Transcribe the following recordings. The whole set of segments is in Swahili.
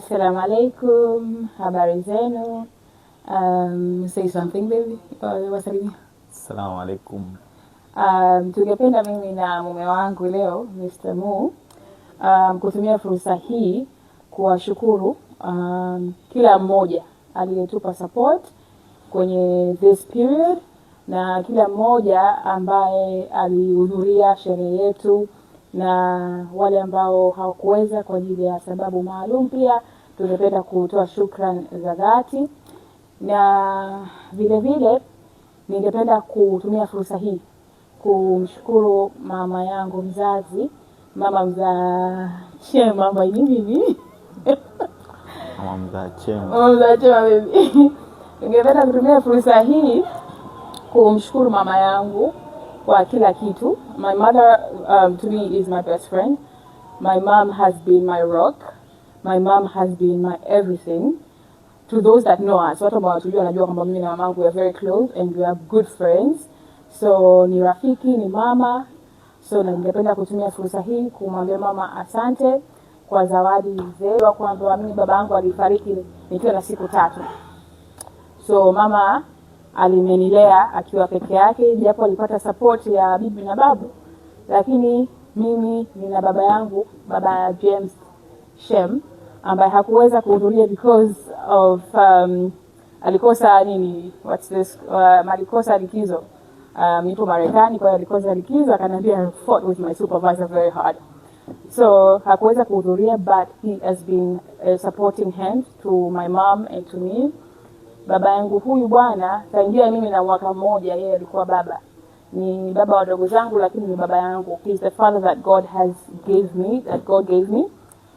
Assalamu alaikum, habari zenu. Um, say something baby, uh, wasalimia. Assalamu alaikum. Um, tungependa mimi na mume wangu leo Mr. Mu um, kutumia fursa hii kuwashukuru um, kila mmoja aliyetupa support kwenye this period na kila mmoja ambaye alihudhuria sherehe yetu na wale ambao hawakuweza kwa ajili ya sababu maalum, pia tungependa kutoa shukrani za dhati, na vilevile ningependa kutumia fursa hii kumshukuru mama yangu mzazi, mama mza che mama nyingi mama mza ningependa kutumia fursa hii kumshukuru mama yangu kwa kila kitu. My mother um, to me is my best friend. My mom has been my rock. My mom has been my everything. To those that know us, watu ambao wanatujua wanajua kwamba mimi na mamangu we are very close and we are good friends. So ni rafiki, ni mama. So ningependa kutumia fursa hii kumwambia mama asante kwa zawadi zewa, kwamba mimi baba yangu alifariki nikiwa na siku tatu. So mama alinenilea akiwa peke yake, japo alipata sapoti ya bibi na babu, lakini mimi nina baba yangu, baba James Shem ambaye hakuweza kuhudhuria because of um, alikosa nini, what's this, uh, alikosa likizo um, nipo Marekani, kwa hiyo alikosa likizo, akaniambia fought with my supervisor very hard so hakuweza kuhudhuria but he has been a uh, supporting hand to my mom and to me baba yangu huyu bwana, tangia mimi na mwaka mmoja, yeye alikuwa baba, ni baba wa dogo zangu, lakini ni baba yangu. He is the father that God has gave me, that God gave me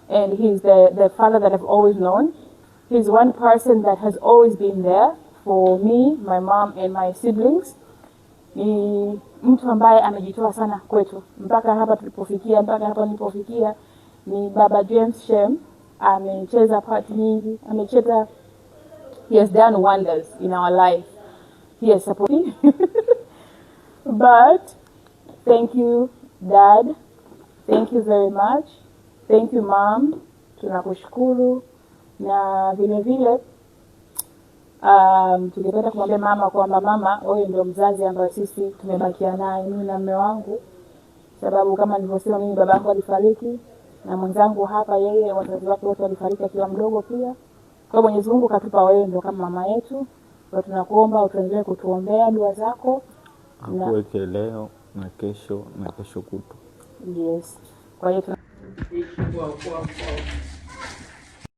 and he is the, the father that I've always known. He is one person that has always been there for me, my mom and my siblings. Ni mtu ambaye amejitoa sana kwetu mpaka hapa tulipofikia, mpaka hapa nilipofikia. Ni baba James Shem amecheza part nyingi, amecheza He has done wonders in our life. He has supported. but thank you dad, thank you very much. Thank you mom, tunakushukuru na vile vile um, tungependa kumwambia mama kwamba mama, wewe ndio mzazi ambayo sisi tumebakia naye, mimi na mume wangu, sababu kama nilivyosema, mimi babangu alifariki na mwenzangu hapa, yeye wazazi wake wote walifariki akiwa mdogo pia. Kwa hiyo Mwenyezi Mungu katupa wewe ndio kama mama yetu, kwa tunakuomba utuendelee kutuombea dua zako akuweke na... leo na kesho na kesho kutu Yes. Kwa hiyo